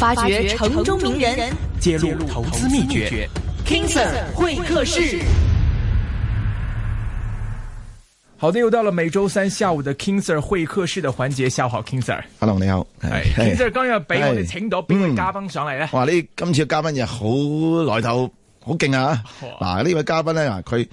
發掘城中名人，揭露投資秘訣。King Sir 會客室，好的，又到了每周三下午的 King Sir 會客室的環節。下午好，King Sir。Hello，你好。Hey. Hey. King Sir 今日俾我哋 Hey. 請到邊位嘉賓上嚟咧，嗯。哇，呢今次嘅嘉賓又好來頭，好勁啊！嗱哇，呢位嘉賓咧，佢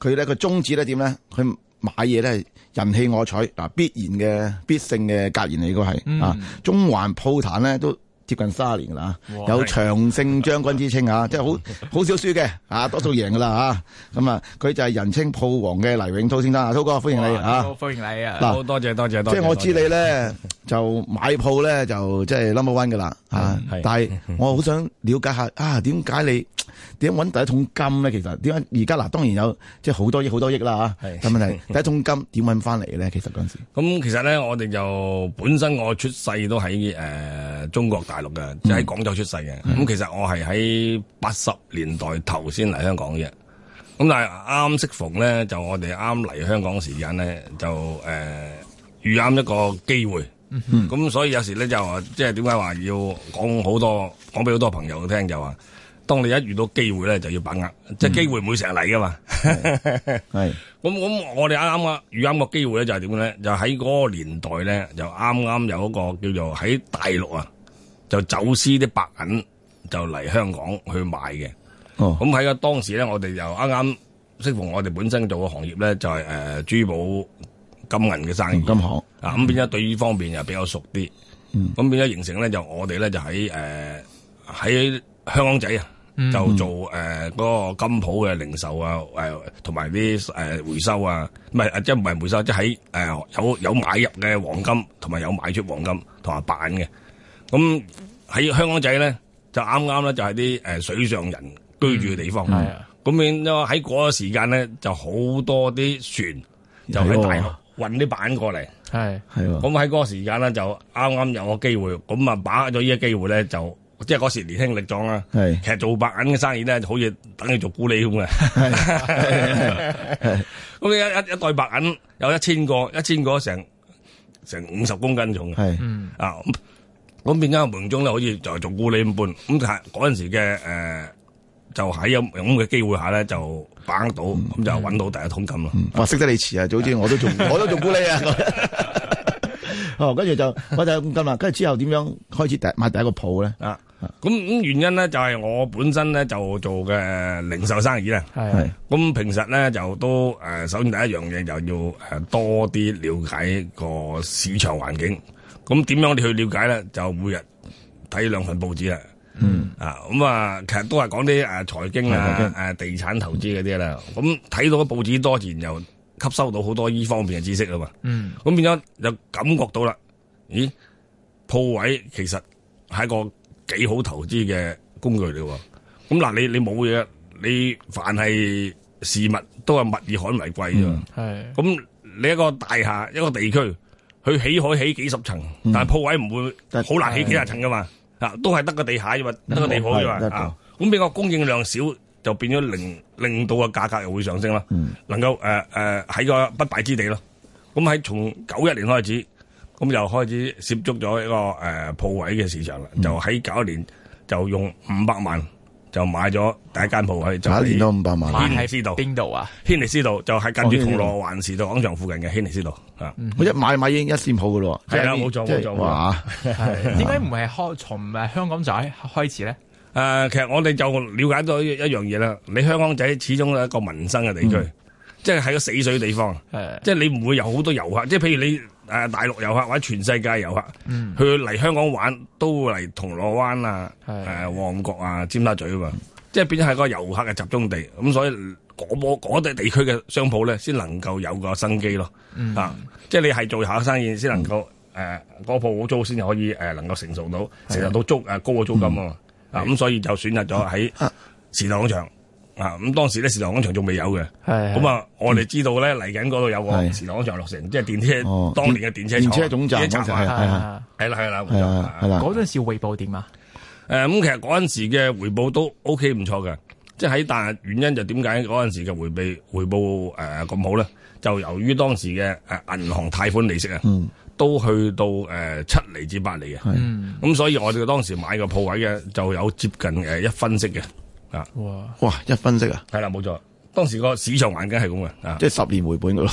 佢咧個宗旨咧點咧？佢買嘢咧人棄我取，嗱必然嘅必勝嘅格言嚟，應該係啊。中環鋪壇咧都。啊接近三十年噶啦，哇有長勝將軍之稱的啊，即係好好少輸嘅啊，多數贏噶啦啊，咁啊佢、啊、就係人稱舖王嘅黎永滔先生，生啊，滔哥歡迎你啊，歡迎你啊，嗱多謝多謝，多謝多謝即係我知你咧 就買鋪咧就即係 number one 噶啦嚇， 但係我好想了解下啊點解你點揾第一桶金咧？其實點解而家嗱當然有即係好多億好多億啦嚇、啊，但係第一桶金點揾翻嚟咧？其實嗰陣時咁其實咧我哋就本身我出世都喺誒中國大嘅，即喺廣州出世嘅。咁、嗯、其實我係喺八十年代頭先嚟香港嘅。咁、嗯、但係啱適逢咧，就我哋啱嚟香港時間咧，就誒、呃、遇啱一個機會。咁、嗯嗯、所以有時咧就話即係點解話要講好多講俾好多朋友聽就話，當你一遇到機會咧，就要把握。即係機會唔會成日嚟噶嘛。係咁咁，我哋啱啱啊，遇啱個機會咧，就係點咧？就喺嗰個年代咧，就啱啱有一個叫做喺大陸啊。就走私啲白銀就嚟香港去買嘅，咁喺個當時咧，我哋又啱啱，適逢我哋本身做嘅行業咧、就係，就係誒珠寶金銀嘅生意，金行啊，咁變咗對呢方面又比較熟啲，咁、mm. 變咗形成咧，就我哋咧就喺誒喺香港仔啊，就做誒嗰、mm hmm. 呃嗰個金鋪嘅零售啊，誒同埋啲誒回收啊，唔係、啊、即係唔係回收，即係喺誒有有買入嘅黃金，同埋有，有買出黃金同埋白銀嘅。咁喺香港仔咧，就啱啱咧就係啲誒水上人居住嘅地方。係啊、嗯，咁變喺嗰個時間咧，就好多啲船就喺大陸運啲板過嚟。係係咁喺嗰個時間咧，就啱啱有個機會，咁啊把握咗呢個機會咧，就即係嗰時年輕力壯啦。係是其實做白銀嘅生意咧，就好似等於做咕喱咁嘅。咁， 你一一袋白銀有一千個，一千個成成五十公斤重。係是嗯啊。嗯。咁變咗，無意中咧，好似就做咕喱咁般。咁係嗰陣時嘅誒、呃，就喺咁嘅機會下咧，就把握到，咁、嗯、就揾到第一桶金咯、嗯嗯。哇，識得你遲啊，早知我都， 我都做，我都做咕喱啊。哦， 跟住就我就咁金啦。跟住 之後點樣開始第買第一個鋪咧？啊，咁咁原因咧，就係、是、我本身咧就做嘅零售生意啦。係係的，咁平時咧就都誒，首先第一樣嘢就要誒多啲了解個市場環境。咁點樣你去了解咧？就每日睇兩份報紙啦。嗯。啊，咁啊，其實都係講啲誒財經，財經啊，誒地產投資嗰啲啦。咁、啊、睇到個報紙多，自然又吸收到好多依方面嘅知識啦嘛。嗯。咁變咗又感覺到啦，咦？鋪位其實係一個幾好投資嘅工具嚟㗎。咁、啊、嗱，你你冇嘢，你凡係事物都係物以罕為貴、嗯、啊。係。咁你一個大廈，一個地區，佢起海起幾十層，但係鋪位唔會好難起幾廿層噶嘛，嗱、嗯、都係得個地下咋嘛，得個、嗯、地鋪咋嘛。咁比較供應量少，就變咗令令到個價格又會上升啦。嗯、能夠誒誒喺個不敗之地咯。咁喺從九一年開始，咁又開始涉足咗一個誒鋪、呃、位嘅市場啦、嗯。就喺九一年就用五百萬。就買咗第一間鋪去，就年都五百萬。喺喺邊度？邊度啊？軒尼詩道就係近住銅鑼灣時代廣場附近嘅軒尼詩道啊！我一買買已經一線鋪噶咯，係啦，冇錯冇錯。哇！點解唔係開從誒香港仔開始咧？誒、呃，其實我哋就了解到一樣嘢啦。你香港仔始終係一個民生嘅地區，嗯、即係喺個死水地方，的即係你唔會有好多遊客。即係譬如你。誒，大陸遊客或者全世界遊客，去嚟香港玩都會嚟銅鑼灣啊，誒，旺角啊，尖沙咀啊，嘛，即係變咗係個遊客嘅集中地，咁所以嗰波啲地區嘅商鋪咧，先能夠有個生機咯，啊，即係你係做下生意先能夠，誒，嗰個鋪好租先至可以，誒，能夠承受到承受到租誒高個租金啊，咁所以就選擇咗喺時代廣場。啊，咁當時咧時代廣場仲未有嘅，咁啊，我哋知道咧嚟緊嗰度有個時代廣場落成，即係電車，當年嘅電車電車總站，總站係啦，係啦，係啦，嗰陣時回報點啊？誒，咁其實嗰陣時嘅回報都 OK 唔錯嘅，即係喺但原因就點解嗰陣時嘅回報回報誒咁好咧？就由於當時嘅誒銀行貸款利息啊，都去到誒七厘至八厘嘅，咁所以我哋當時買個鋪位嘅就有接近誒一分息嘅。哇一分啊！哇哇，嗯，一分析啊，係啦，冇錯，當時個市場環境係咁嘅，嗯，即係十年回本噶咯，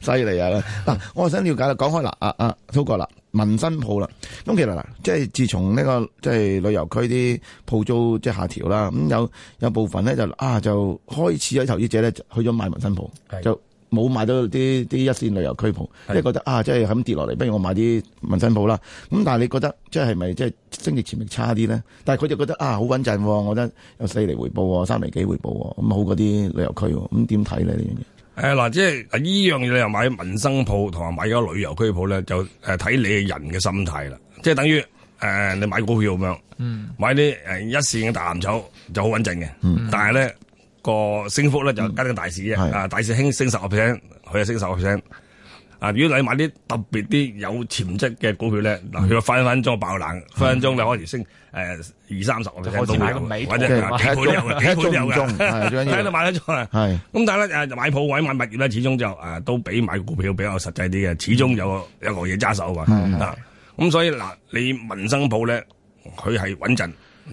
犀 利啊！嗱，我想了解啦，講開啦，啊啊，蘇、啊、哥啦，民生鋪啦，咁其實嗱，即係自從呢個即係旅遊區啲鋪租即係、就是、下調啦，咁、嗯、有有部分咧就啊就開始有投資者咧就去咗買民生鋪，的就。冇買到啲啲一線旅遊區鋪，是即係覺得啊，即係咁跌落嚟，不如我買啲民生鋪啦。咁但係你覺得即係咪即係升值潛力差啲咧？但係佢就覺得啊，好穩陣、哦，我覺得有四厘回報，三厘幾回報，咁、嗯、好過啲旅遊區。咁點睇咧呢樣嘢？誒嗱、呃，即係依樣嘢，你又買民生鋪同埋買咗旅遊區鋪咧，就誒睇你人嘅心態啦。即係等於誒、呃、你買股票咁樣，買啲誒一線嘅大藍籌就好穩陣嘅。嗯、但係咧，個升幅咧就跟定大市嘅，啊大市輕升十 percent，佢就升十 percent。啊，如果你買啲特別啲有潛質嘅股票咧，嗱，佢分分鐘爆冷，分分鐘就可以升誒二三十 percent 到。買個尾，即係買一宗，買一宗。都喺度買一宗啊。咁但係咧誒，買鋪位買物業咧，始終就誒都比買股票比較實際啲嘅，始終有個有個嘢揸手啊。咁所以嗱，你民生鋪咧，佢係穩陣，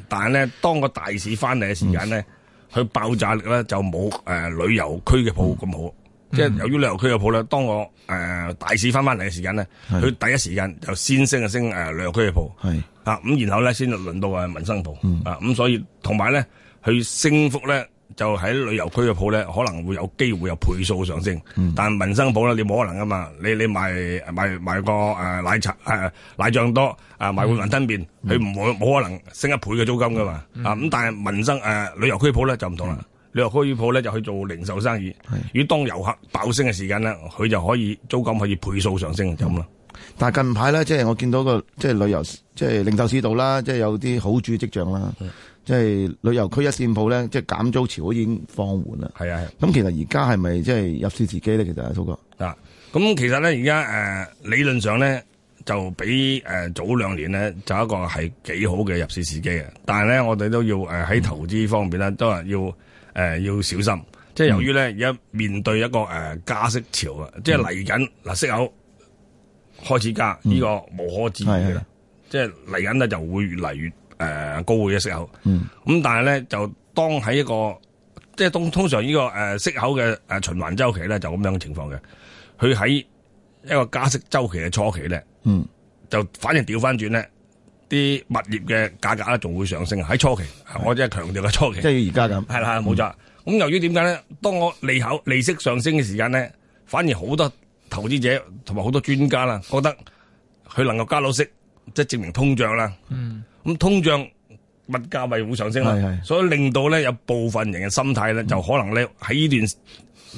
但係咧當個大市翻嚟嘅時間咧。佢爆炸力咧就冇誒、呃、旅遊區嘅鋪咁好，嗯、即係由於旅遊區嘅鋪咧，當我誒、呃、大市翻翻嚟嘅時間咧，佢是第一時間就先升就升誒、呃、旅遊區嘅鋪，係是啊咁，然後咧先就輪到啊民生鋪、嗯、啊咁、嗯，所以同埋咧佢升幅咧。就喺旅遊區嘅鋪咧，可能會有機會有倍數上升。但民生鋪咧，你冇可能㗎嘛？你你賣賣賣個誒奶茶誒奶醬多啊，賣碗雲吞麵，佢唔冇冇可能升一倍嘅租金㗎嘛？啊咁，但係民生誒旅遊區鋪咧就唔同啦。旅遊區鋪咧就去做零售生意。如果當遊客爆升嘅時間咧，佢就可以租金可以倍數上升就咁啦。但係近排咧，即係我見到個即係旅遊即係零售市道啦，即係有啲好轉跡象啦。即係旅遊區一綫鋪咧，即係減租潮已經放緩啦。係啊，咁、啊、其實而家係咪即係入市時機咧？其實阿蘇哥。嗱，咁其實咧，而家誒理論上咧，就比誒、呃、早兩年咧，就一個係幾好嘅入市時機嘅。但係咧，我哋都要誒喺、呃、投資方面咧，都係要誒、呃、要小心。即係、就是、由於咧而家面對一個誒、呃、加息潮啊，嗯、即係嚟緊嗱息口開始加，呢、嗯、個無可置疑嘅。即係嚟緊咧就會越嚟越誒、呃，高會嘅息口，咁、嗯嗯、但係咧就當喺一個即係通通常呢個誒息口嘅誒循環周期咧就咁樣嘅情況嘅，佢喺一個加息周期嘅初期咧，嗯、就反而掉返轉咧，啲物業嘅價格咧仲會上升喺初期，的我即係強調嘅初期，即係而家咁，係啦冇錯。咁由於點解咧？當我利口利息上升嘅時間咧，反而好多投資者同埋好多專家啦，覺得佢能夠加到息，即係證明通脹啦。嗯咁通脹物價咪會上升啦，係，係所以令到咧有部分人嘅心態咧就可能咧喺呢段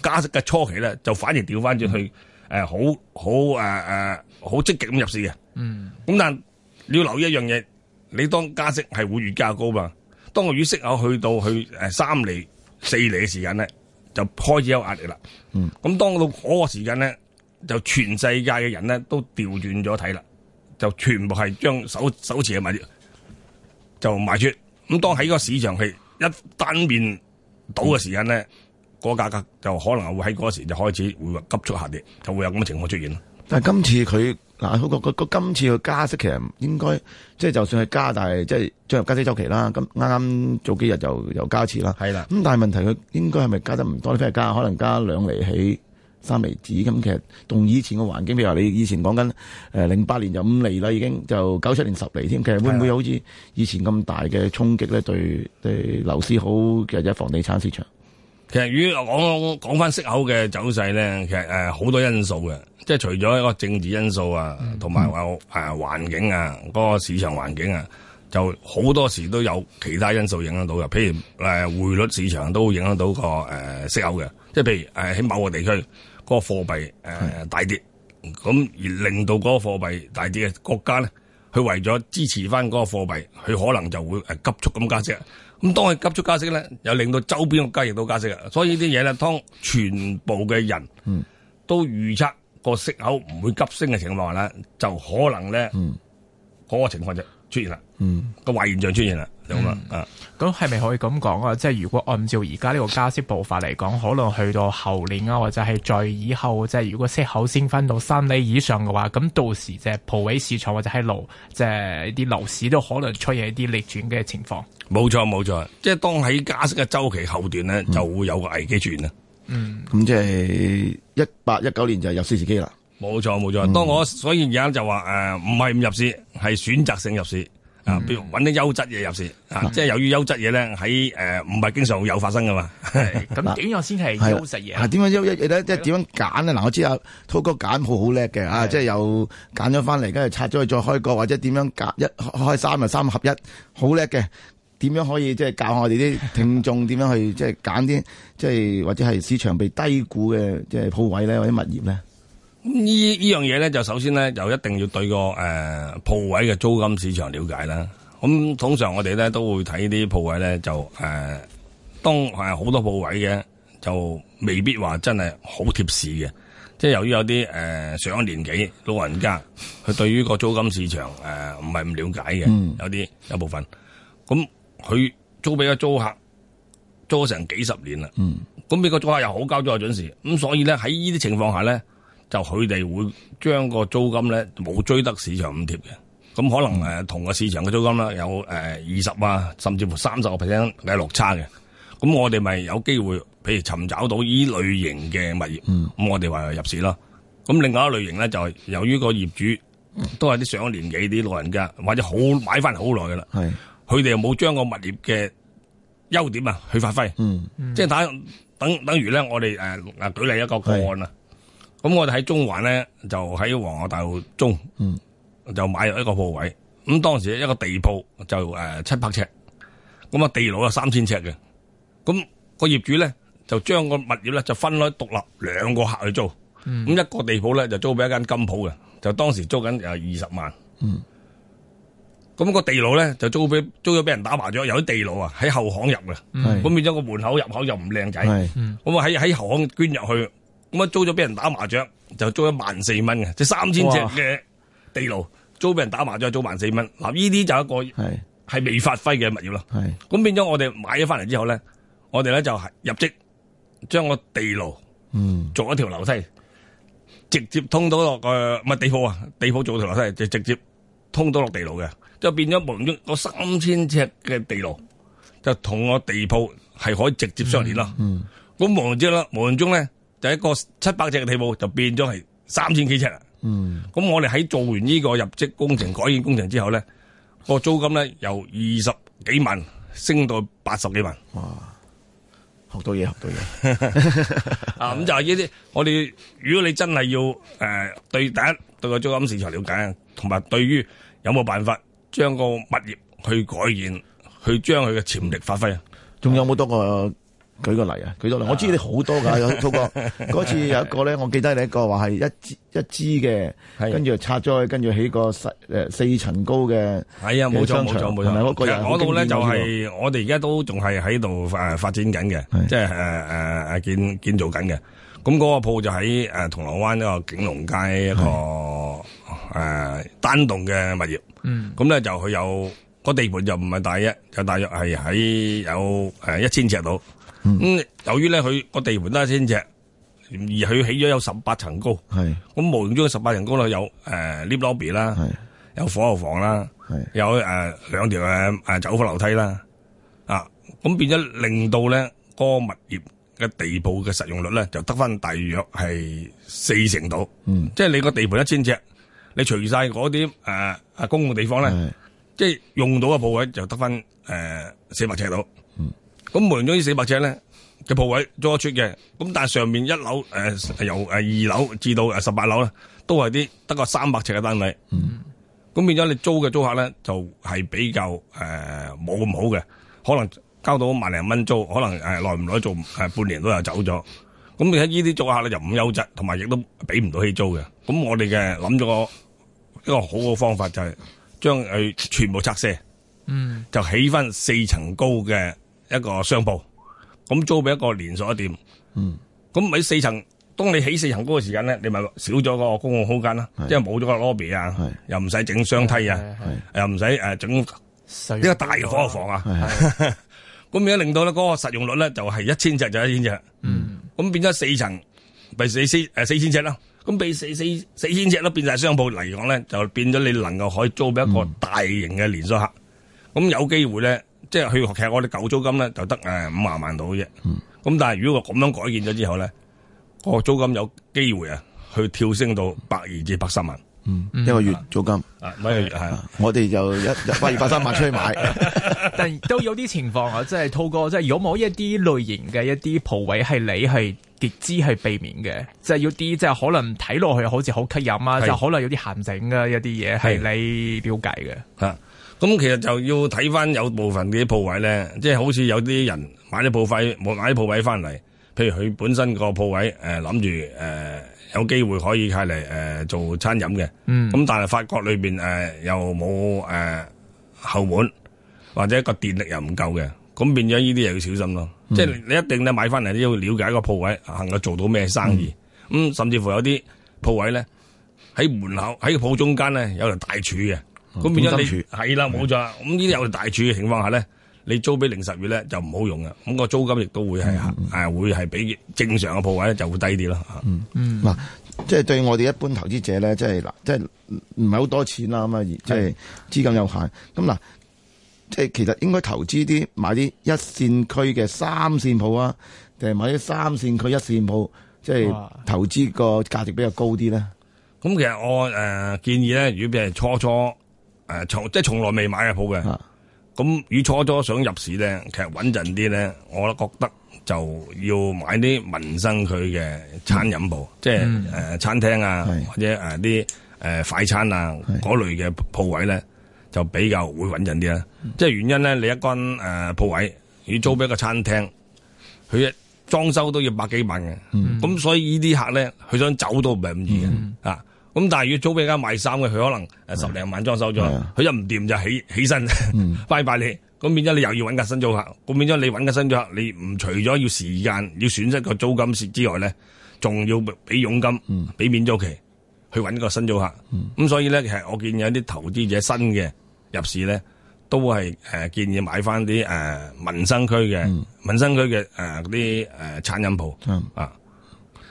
加息嘅初期咧就反而調翻轉去誒好好誒誒好積極咁入市嘅。嗯，咁但你要留意一樣嘢，你當加息係會越加高嘛？當個月息口去到去誒三厘、四厘嘅時間咧，就開始有壓力啦。嗯，咁當到嗰個時間咧，就全世界嘅人咧都調轉咗睇啦，就全部係將手手持嘅物。就賣出咁、嗯，當喺個市場係一單面倒嘅時間呢，嗯、個價格就可能會喺嗰時就開始會急速下跌，就會有咁嘅情況出現咯、嗯。但係今次佢嗱，個、啊、個今次嘅加息其實應該即係就算係加，大，即係進入加息周期啦。咁啱啱早幾日就又加一次啦。係啦的。咁、嗯、但係問題佢應該係咪加得唔多咧？即係加可能加兩厘起。三厘子咁，其實同以前嘅環境，譬如話你以前講緊誒零八年就五厘啦，已經就九七年十厘添。其實會唔會好似以前咁大嘅衝擊咧？對對，樓市的、呃、好，或者房地產市場？其實如果講講翻息口嘅走勢咧，其實誒好、呃、多因素嘅，即係除咗一個政治因素啊，同埋有誒環境啊，嗰、那個市場環境啊，就好多時都有其他因素影響到嘅。譬如誒、呃、匯率市場都影響到個誒、呃、息口嘅，即係譬如誒喺、呃、某個地區。個貨幣誒大跌，咁而令到嗰個貨幣大跌嘅國家咧，佢為咗支持翻嗰個貨幣，佢可能就會誒急速咁加息。咁當佢急速加息咧，又令到周邊國家亦都加息啊。所以呢啲嘢咧，當全部嘅人都預測個息口唔會急升嘅情況下啦，就可能咧嗰、嗰個情況啫。出現啦、嗯，嗯，個壞現象出現啦，咁啊，咁係咪可以咁講啊？即、就、係、是、如果按照而家呢個加息步伐嚟講，可能去到後年啊，或者係再以後，即、就、係、是、如果息口升翻到三厘以上嘅話，咁到時即係舖位市場或者喺樓，即、就、係、是、一啲樓市都可能出現一啲逆轉嘅情況。冇錯冇錯，即係當喺加息嘅周期後段呢，嗯、就會有個危機轉啦。嗯，咁、嗯、即係一八一九年就係有四次機啦。冇錯冇錯，當我所以而家就話誒，唔係唔入市，係選擇性入市啊，呃，比如揾啲優質嘢入市啊，即係由於優質嘢咧喺誒，唔係經常會有發生噶嘛。咁點樣先係優質嘢？點樣優一即係點樣揀咧？嗱，我知阿滔哥揀鋪好叻嘅啊，即係又揀咗翻嚟，跟住拆咗佢再開過，或者點樣揀一開三啊，三合一，好叻嘅。點樣可以即係教我哋啲聽眾點樣去即係揀啲即係或者係市場被低估嘅即係鋪位咧，或者物業咧？呢呢樣嘢咧，就首先咧就一定要對個誒鋪位嘅租金市場了解啦。咁通常我哋咧都會睇啲鋪位咧，就誒，當係好多鋪位嘅，就未必話真係好貼市嘅。即係由於有啲誒上咗年紀老人家，佢 對於個租金市場誒唔係咁了解嘅，有啲、嗯、有部分。咁佢租俾個租客租成幾十年啦。咁俾個租客又好交租又準時，咁所以咧喺呢啲情況下咧。就佢哋會將個租金咧冇追得市場咁貼嘅，咁可能誒同個市場嘅租金啦有誒二十啊甚至乎三十個 percent 嘅落差嘅，咁我哋咪有機會，譬如尋找到呢類型嘅物業，咁、嗯、我哋話入市咯。咁另外一個類型咧就係由於個業主都係啲上咗年紀啲老人家，或者好買翻好耐噶啦，佢哋又冇將個物業嘅優點啊去發揮，嗯嗯、即係等等等於咧我哋誒、呃、舉例一個個案啊。咁我哋喺中環咧，就喺皇后大道中，就買入一個鋪位。咁當時一個地鋪就誒七百尺，咁啊地牢啊三千尺嘅。咁個業主咧就將個物業咧就分開獨立兩個客去租。咁一個地鋪咧就租俾一間金鋪嘅，就當時租緊誒二十萬。咁個地牢咧就租俾租咗俾人打麻雀，有啲地牢啊喺後巷入嘅，咁變咗個門口入口又唔靚仔。咁啊喺喺後巷捐入去。咁啊租咗俾人打麻雀，就租一萬四蚊嘅，即係三千尺嘅地牢租俾人打麻雀，租萬四蚊。嗱，呢啲就一個係是未發揮嘅物業咯。係是，咁變咗我哋買咗翻嚟之後咧，我哋咧就係入職，將個地牢嗯做一條樓梯，直接通到落誒，個乜地鋪啊，地鋪做條樓梯就直接通到落地牢嘅，就係變咗無形中個三千尺嘅地牢就同個地鋪係可以直接相連咯、嗯。嗯，咁無形之中咧，無形中咧。就一個七百尺嘅地鋪，就變咗係三千幾尺啦。嗯，咁我哋喺做完呢個入職工程、改建工程之後咧，個租金咧由二十幾萬升到八十幾萬。哇，學到嘢，學到嘢。 啊，咁就係呢啲。我哋如果你真係要誒、呃、對第一對個租金市場了解，同埋對於有冇辦法將個物業去改善，去將佢嘅潛力發揮，仲、嗯、有冇多個？舉個例啊，舉多例，我知你好多噶，滔 哥嗰次有一個咧， 我記得你一個話係一支一支嘅，跟住的拆咗去，跟住起個四誒四層高嘅係啊，冇錯冇錯冇錯，同嗰個人咧就係、是、我哋而家都仲係喺度誒發展緊嘅，即係誒誒，建建造緊嘅。咁、那、嗰個鋪就喺誒銅鑼灣一個景隆街一個誒的、呃、單棟嘅物業，咁咧、嗯、就佢有個地盤就唔係大一，就大約係喺有誒一千尺度。咁、嗯、由於咧，佢個地盤得一千尺，而佢起咗有十八層高，咁是無形中嘅十八層高咧有誒 lift lobby 啦，呃、有火喉房啦，是有誒、呃、兩條誒誒、呃、走火樓梯啦，啊，咁變咗令到咧個物業嘅地鋪嘅實用率咧就得返大約係四成度，即係是你個地盤一千尺，你除晒嗰啲誒啊公共地方咧，即係用到嘅部位就得返誒四百尺度。咁無咗呢四百尺咧嘅鋪位租得出嘅，咁但係上面一樓誒、呃、由誒二樓至到誒十八樓咧，都係啲得個三百尺嘅單位。嗯，咁變咗你租嘅租客咧就係、是、比較誒冇咁好嘅，可能交到萬零蚊租，可能誒耐唔耐做誒、呃、半年都有走咗。咁你睇呢啲租客咧就唔優質，同埋亦都俾唔到起租嘅。咁我哋嘅諗咗一個，一個好嘅方法就係、是、將佢全部拆卸，嗯，就起翻四層高嘅。一個商鋪，咁租俾一個連鎖店。嗯，咁喺四層，當你起四層嗰個時間咧，你咪少咗個公共空間啦，即係冇咗個 lobby 啊，又唔使整雙梯啊，又唔使誒整一個大火房啊。咁而家令到咧嗰個實用率咧就係一千尺就一千尺。嗯，咁變咗四層，咪四千誒四千尺啦。咁俾四四四千尺咯，變晒商鋪嚟講咧，就變咗你能夠可以租俾一個大型嘅連鎖客。咁有機會咧。即係去，其實我哋舊租金咧就得誒五廿萬到啫。咁、嗯、但係如果咁樣改建咗之後咧，個租金有機會啊，去跳升到百二至百三萬。嗯，一個月租金。啊是，每個月係啊，我哋就一一百二百三萬出去買。 但都有啲情況啊，即係滔哥，即係有冇一啲類型嘅一啲鋪位係你係極之係避免嘅？即係有啲即係可能睇落去好似好吸引啊，是就可能有啲陷阱嘅一啲嘢係你了解嘅。啊是。 咁其實就要睇翻有部分嘅鋪位咧，即係好似有啲人買啲鋪費，買啲鋪位翻嚟。譬如佢本身個鋪位，誒諗住誒有機會可以係嚟誒做餐飲嘅。咁、嗯、但係發覺裏邊誒又冇誒、呃、後門，或者個電力又唔夠嘅，咁變咗呢啲又要小心咯。嗯、即係你一定咧買翻嚟都要了解個鋪位能夠做到咩生意。咁、嗯嗯、甚至乎有啲鋪位咧喺門口喺鋪中間咧有條大柱嘅。咁、嗯、變咗你係啦，冇錯。咁呢啲有大柱嘅情況下咧，你租俾零十月咧就唔好用嘅。咁、個租金亦都會係係、嗯啊、會係比正常嘅鋪位咧就會低啲咯。嗯，嗱、嗯啊，即係對我哋一般投資者咧，即係嗱，即係唔係好多錢啦咁啊，即係資金有限。咁嗱是，即係其實應該投資啲買啲一,一線區嘅三線鋪啊，定係買啲三線區一線鋪，即係投資個價值比較高啲咧。咁哇其實我誒、呃、建議咧，如果譬如初初，初，誒，從即係從來未買嘅鋪嘅，咁如果初初想入市咧，其實穩陣啲咧，我都覺得就要買啲民生佢嘅餐飲鋪，即係誒餐廳啊，或者誒啲誒快餐啊嗰類嘅鋪位咧，就比較會穩陣啲啊！即係原因咧，你一間誒鋪位，你租俾一個餐廳，佢一裝修都要百幾萬嘅，咁所以呢啲客咧，佢想走都唔係咁易嘅啊。咁但係要租俾間賣衫嘅，佢可能誒十零萬裝修咗，佢又唔掂就起起身，mm. 拜拜你。咁變咗你又要揾個新租客，咁變咗你揾個新租客，你唔除咗要時間要損失個租金蝕之外咧，仲要俾佣金，俾免、mm. 租期去揾個新租客。咁、mm. 所以咧，其實我建議有啲投資者新嘅入市咧，都係誒、呃、建議買翻啲誒民生區嘅、mm. 民生區嘅誒啲誒餐飲鋪啊。呃呃呃呃 mm.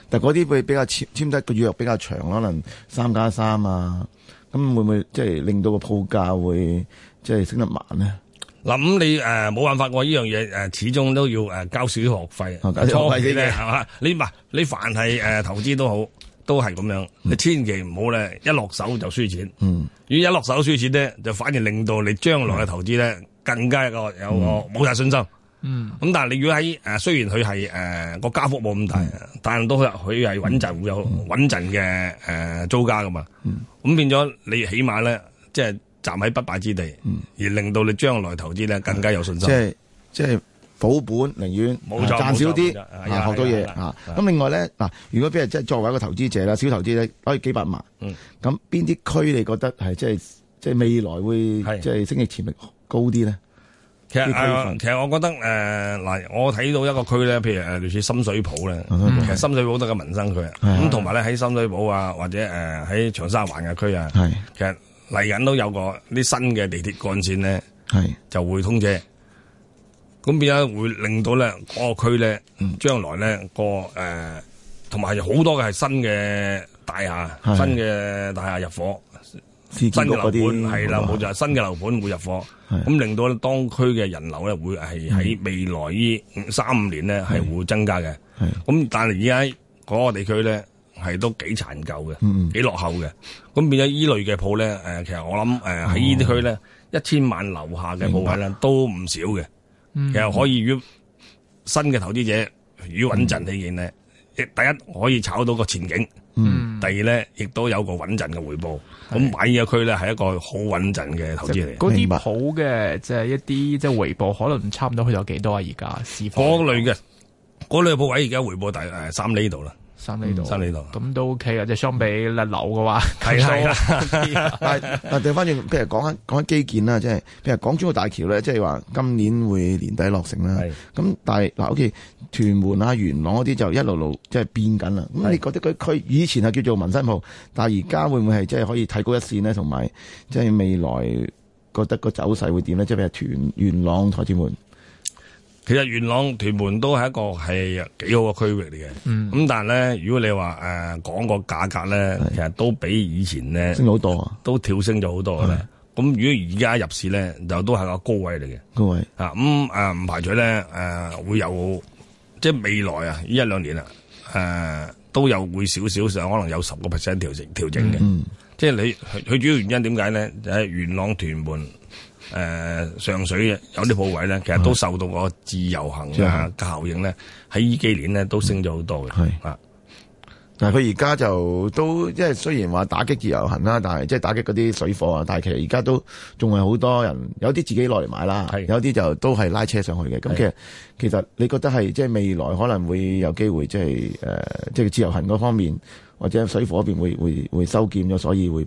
但嗰啲會比較簽簽得個約比較長，可能三加三啊，咁會唔會即係、就是、令到個鋪價會即係、就是、升得慢咧？嗱咁你誒冇、呃、辦法喎，呢樣嘢誒、呃、始終都要誒、呃、交少啲學費，錯啲嘅係嘛？你唔係你凡係誒、呃、投資都好，都係咁樣，嗯、你千祈唔好咧一落手就輸錢。嗯，如果一落手輸錢咧，就反而令到你將來嘅投資咧更加一個有個冇晒、嗯、信心。嗯，咁但係你如果喺誒，雖然佢係誒個家幅冇咁大，但係都佢係穩陣會有穩陣嘅誒租家噶嘛。咁變咗你起碼咧，即係站喺不敗之地，而令到你將來投資咧更加有信心。即係即係保本，寧願冇賺少啲，學到嘢吓。咁另外咧嗱，如果譬如即係作為一個投資者啦，小投資咧可以幾百萬，咁邊啲區你覺得係即係即係未來會即係升值潛力高啲咧？其實其實我覺得誒，嗱、呃，我睇到一個區咧，譬如誒、呃、類似深水埗咧，嗯、其實深水埗都係個民生區啊，咁同埋咧喺深水埗啊，或者誒喺、呃、長沙環嘅區啊，的其實嚟緊都有個啲新嘅地鐵幹線咧，的就會通車，咁變咗會令到咧嗰、那個區咧，將來咧個誒，同埋好多嘅係新嘅大廈，新嘅的的大廈入伙。新嘅樓盤係啦，冇就係新嘅樓盤會入貨，咁令到當區嘅人流咧會係喺未來呢三五年咧係會增加嘅。咁但係而家嗰個地區咧係都幾殘舊嘅，幾落後嘅，咁變咗依類嘅鋪咧，誒，其實我諗誒喺呢啲區咧一千萬樓下嘅鋪位咧都唔少嘅。其實可以與新嘅投資者與穩陣起見咧，第一可以炒到個前景。嗯，第二咧，亦都有個穩陣嘅回報。咁買嘅區咧，係一個好穩陣嘅投資嚟。嗰啲好嘅，即係一啲即係回報，可能差唔多去到幾多啊？而家市況？嗰類嘅，嗰類嘅舖位而家回報大三厘度啦，三、嗯、厘度，三厘度。咁都 OK 啊，即係相比甩樓嘅話，係啦。 但係，但係調翻轉，譬如講緊講緊基建啦，即係譬如港珠澳大橋咧，即係話今年會年底落成啦。咁的但係嗱、啊、，OK。屯門啊、元朗嗰啲就一路路即係、就是、變緊啦。咁你覺得佢區以前係叫做民生鋪，但係而家會唔會係即係可以提高一線呢？同埋即係未來覺得個走勢會點呢？即係譬如屯元朗、太子門，其實元朗屯門都係一個係幾好嘅區域嚟嘅。咁、嗯、但係咧，如果你話誒講個價格咧，是其實都比以前咧升咗好多、啊，都跳升咗好多啦。咁嗎如果而家入市咧，就都係個高位嚟嘅高位啊。咁誒唔排除咧誒、呃呃、會有。即係未來啊，呢一兩年啊，誒、呃、都有會少少上，可能有十個 percent 調整調整嘅。嗯，即係你佢主要原因點解咧？喺、就喺、元朗屯門誒、呃、上水有啲鋪位咧，其實都受到個自由行嘅效應咧，喺呢幾年咧都升咗好多嘅。係啊、嗯。但係佢而家就都，即係雖然話打擊自由行啦，但係即係打擊嗰啲水貨啊。但係其實而家都仲係好多人，有啲自己落嚟買啦，有啲就都係拉車上去嘅。咁其實其實你覺得係即係未來可能會有機會即係誒，即係自由行嗰方面或者水貨嗰邊會會會收緊咗，所以會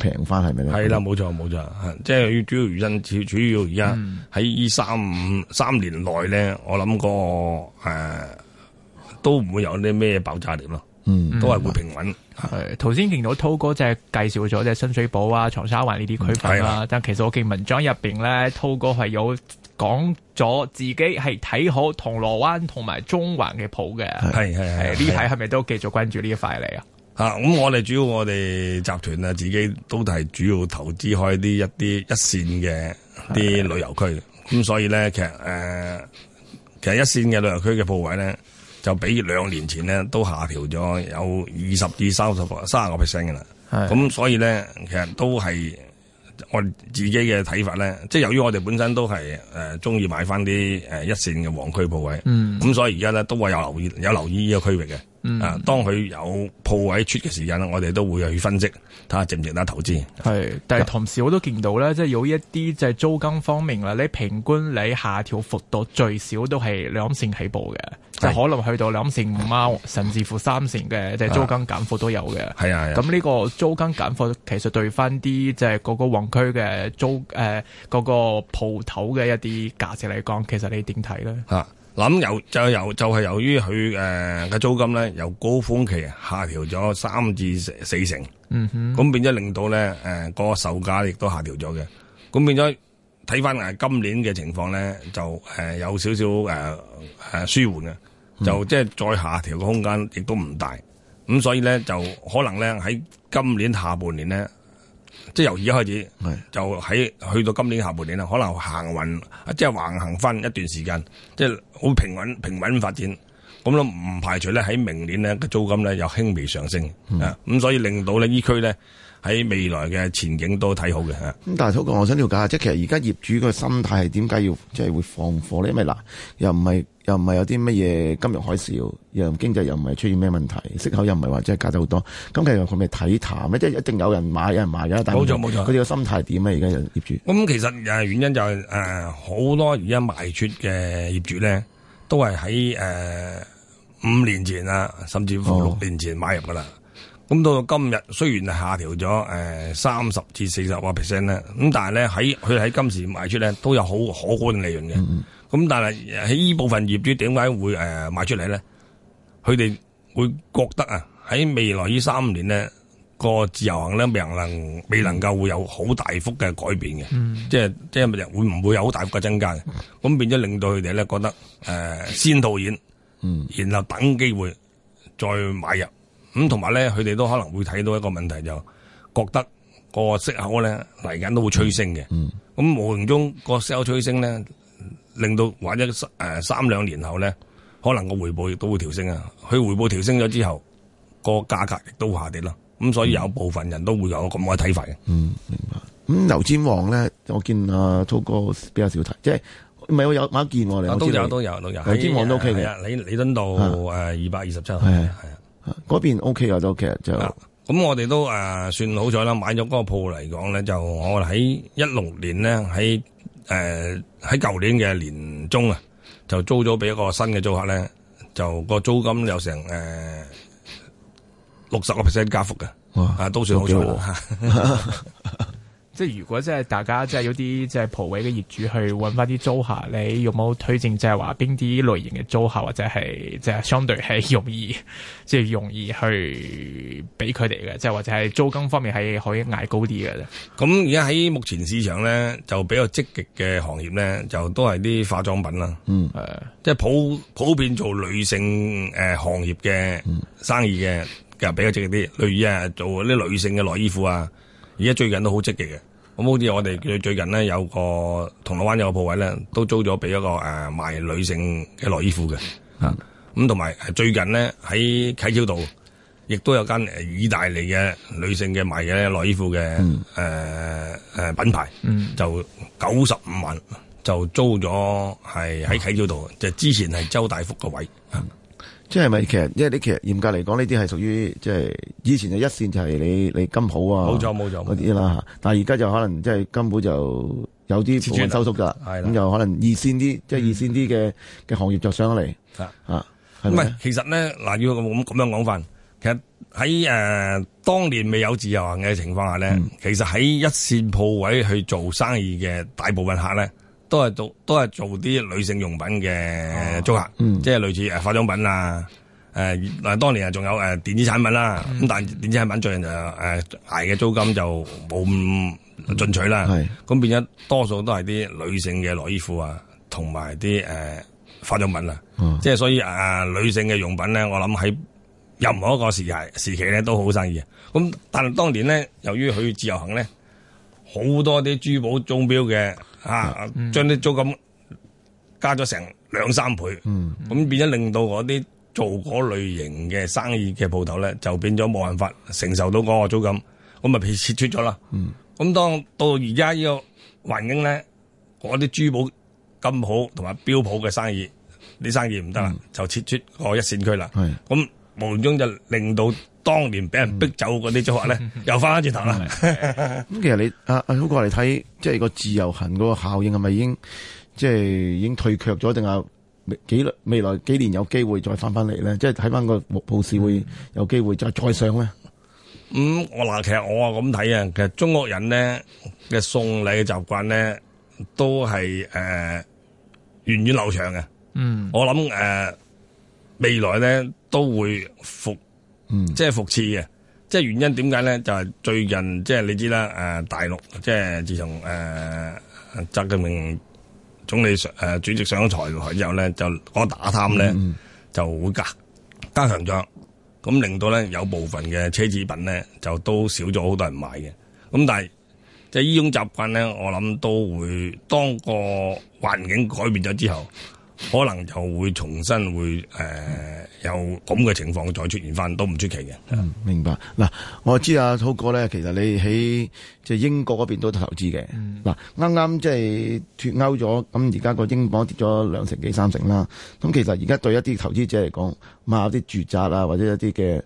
平翻係咪咧？係啦，冇錯冇錯，即係主要原因主要而家喺二、三五三年內呢，我諗個誒都唔會有啲咩爆炸力咯。嗯，都係會平穩。係、嗯，頭先見到滔哥即係介紹咗即係深水埗啊、長沙灣呢啲區份啦。嗯、但其實我見文章入邊咧，滔哥係有講咗自己係睇好銅鑼灣同埋中環嘅鋪嘅。係係係，呢排係咪都繼續關注呢一塊嚟啊？啊、嗯，咁我哋主要我哋集團啊，自己都係主要投資開啲一啲一,一線嘅啲旅遊區。咁 是所以咧，其實誒、呃，其實一線嘅旅遊區嘅鋪位咧。就比兩年前咧都下調咗有二十至三十個三十個 percent 嘅啦，係咁的所以咧其實都係我自己嘅睇法咧，即係由於我哋本身都係誒中意買翻啲誒一線嘅黃區鋪位，嗯，咁、嗯、所以而家咧都會有留意有留意呢個區域嘅。嗯，啊、當佢有鋪位出嘅時間咧，嗯、我哋都會去分析，睇下值唔值得投資。係，但係同時我都見到咧，即、就、係、是、有一啲即係租金方面啦，你平均你下調幅度最少都係兩成起步嘅，即係是可能去到兩成五啊，甚至乎三成嘅即係租金減幅都有嘅。係啊，咁呢、啊、個租金減幅其實對翻啲即係嗰個旺區嘅租誒嗰、呃、個鋪頭嘅一啲價值嚟講，其實你點睇咧？啊！諗由就係、由就係、係、由於佢誒嘅租金咧由高峰期下調咗三至四成，咁、嗯、哼變咗令到咧誒個售價亦都下調咗嘅，咁變咗睇翻誒今年嘅情況咧就誒、呃、有少少誒誒、呃啊、舒緩嘅，嗯、就即係再下調嘅空間亦都唔大，咁、嗯、所以咧就可能咧喺今年下半年咧。即係由而家開始，就喺去到今年下半年啦，可能行運，即係橫行翻一段時間，即係好平穩平穩發展，咁咯唔排除咧喺明年咧嘅租金咧又輕微上升，嗯、啊咁所以令到咧呢區咧。喺未來嘅前景都睇好嘅，咁但係滔哥，我想了解下，即係其實而家業主個心態係點解要即係、就是、會放貨咧？因為嗱，又唔係又唔係有啲乜嘢金融海嘯，又經濟又唔係出現咩問題，息口又唔係話真係加得好多，咁其實佢咪睇淡，咧，即係一定有人買有人賣噶啦。冇錯冇錯。佢哋個心態點咧？而家業主？咁其實誒原因就誒、是、好、呃、多而家賣出嘅業主咧，都係喺誒五年前啊，甚至乎六年前買入噶啦。哦咁到到今日，雖然係下調咗，誒三十至四十個 percent 咧，咁但係咧喺佢喺今時賣出咧都有好可觀嘅利潤嘅。咁、嗯嗯、但係喺呢部分業主點解會誒賣、呃、出嚟咧？佢哋會覺得啊，喺未來呢三年咧個自由行咧未能未能夠、嗯嗯、會、會有好大幅嘅改變嘅，即係即係會唔會有好大幅嘅增加？咁變咗令到佢哋咧覺得誒、呃、先套現，然後等機會再買入。咁同埋咧，佢哋都可能會睇到一個問題，就覺得個息口咧嚟緊都會趨升嘅。咁、嗯嗯、無形中個息口趨升咧，令到或者誒三兩年後咧，可能個回報亦都會調升啊。佢回報調升咗之後，個價格亦都下跌咯。咁所以有部分人都會有咁嘅睇法嘅。嗯，明白。咁油尖旺咧，我見阿、啊、滔哥比較少睇，即係唔係我有買一我喎？都有都有都有。油尖旺都 OK 嘅，彌彌敦道誒二百二十七號。係呀嗰邊 OK 嘅 OK 實就咁，啊、我哋都誒、呃、算好彩啦！買咗個鋪嚟講咧，就我喺一六年咧喺誒喺舊年嘅年中啊，就租咗俾一個新嘅租客咧，就個租金有成誒六十個 percent 加幅嘅，哇啊都算好彩。 即係如果即係大家即係有啲即係舖位嘅業主去揾翻啲租客，你有冇推薦即係話邊啲類型嘅租客或者係即係相對係容易即係容易去俾佢哋嘅？即係或者係租金方面係可以嗌高啲嘅咧？咁而家喺目前市場咧，就比較積極嘅行業咧，就都係啲化妝品啦。嗯，係即係普普遍做女性誒行業嘅生意嘅，其實比較積極啲。例如啊，做啲女性嘅內衣褲啊，而家最近都好積極嘅。咁好似我哋最近咧，有個銅鑼灣有個鋪位咧，都租咗俾一個誒賣女性嘅內衣褲嘅。啊、嗯，咁同埋最近咧喺啟超道亦都有間誒意大利嘅女性嘅賣嘅內衣褲嘅誒誒品牌，就九十五萬就租咗，係喺啟超道，就是，之前係周大福個位。嗯嗯即係咪其實，因為你其實嚴格嚟講，呢啲係屬於即係以前就一線，就係你你金鋪啊，冇錯冇錯嗰啲啦嚇。但係而家就可能即係根本就有啲部分收縮㗎啦，咁就可能二線啲、嗯、即係二線啲嘅嘅行業就上嚟嚇嚇。唔係，其實咧嗱，要咁咁樣講法，其實喺誒當年未有自由行嘅情況下咧，嗯、其實喺一線鋪位去做生意嘅大部分客咧。都係做都係做啲女性用品嘅租客，啊嗯、即係類似誒化妝品啦，誒、呃、嗱當年啊仲有誒、呃、電子產品啦，咁但電子產品最近就誒捱嘅租金就冇咁進取啦，咁、嗯、變咗多數都係啲女性嘅內衣褲啊，同埋啲誒化妝品啊，即係所以啊、呃、女性嘅用品咧，我諗喺任何一個時期時期咧都好生意，咁但係當年咧由於佢自由行咧。好多啲珠寶鐘表嘅，嚇、啊，將啲租金加咗成兩三倍，咁、嗯、變咗令到嗰啲做嗰類型嘅生意嘅鋪頭咧，就變咗冇辦法承受到嗰個租金，咁咪被撤出咗啦。咁、嗯、當到而家呢個環境咧，嗰啲珠寶金鋪同埋錶鋪嘅生意，啲生意唔得啦，就撤出個一線區啦。咁、嗯、無端端就令到。當年俾人逼走嗰啲中學咧， 又翻翻轉頭啦。咁其實你阿阿滔哥嚟，睇，即係個自由行嗰個效應係咪已經，即係已經退卻咗，定係幾耐未來幾年有機會再翻翻嚟咧？嗯、即係睇翻個鋪市會有機會再再上咧。咁我嗱，其實我啊咁睇啊，其實中國人咧嘅送禮嘅習慣咧，都係誒源遠流長嘅。嗯，我，我諗誒未來咧都會復。嗯，即係服侍嘅，即係原因點解咧？就係、是、最近即係你知啦，誒、呃、大陸即係自從誒習近平總理上誒、呃、主席上咗台之後咧，就嗰個打貪咧、嗯嗯、就會加加強咗，咁令到咧有部分嘅奢侈品咧就都少咗好多人買嘅。咁、嗯、但係即係呢種習慣咧，我諗都會當個環境改變咗之後。可能就會重新會誒、呃、有咁嘅情況再出現翻，都唔出奇嘅。嗯，明白。嗱，我知阿、啊、滔哥咧，其實你喺即係英國嗰邊都投資嘅。嗱、嗯，啱啱即係脫歐咗，咁而家個英鎊跌咗兩成幾、三成啦。咁其實而家對一啲投資者嚟講，買啲住宅啊，或者一啲嘅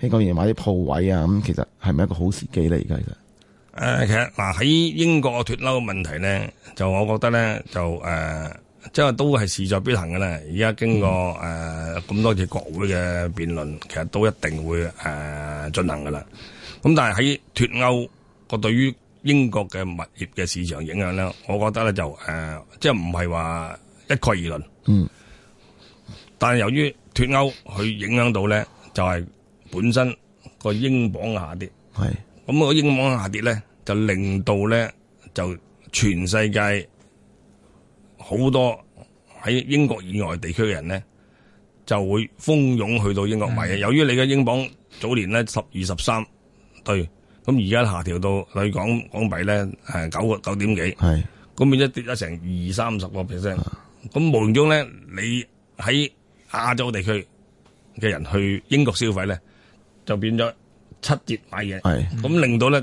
香港人買啲鋪位啊，咁其實係咪一個好時機咧？而家其實誒，其實嗱喺英國嘅脫歐問題咧，就我覺得咧，就誒。呃即係都係事在必行嘅啦，而家經過誒咁、嗯呃、多次國會嘅辯論，其實都一定會誒進、呃、行嘅啦。咁、嗯、但係喺脱歐個對於英國嘅物業嘅市場影響咧，我覺得咧就誒、呃，即係唔係話一概而論。嗯，但係由於脱歐佢影響到咧，就係、是、本身個英鎊下跌，係咁個英鎊下跌咧，就令到咧就全世界。好多喺英國以外地區嘅人咧，就會蜂擁去到英國買嘢。的由於你嘅英鎊早年咧，十二十三對，咁而家下調到佢港港幣咧誒九個九點幾，咁的變咗跌咗成二三十個 percent。咁的無形中咧，你喺亞洲地區嘅人去英國消費咧，就變咗七折買嘢。咁的令到咧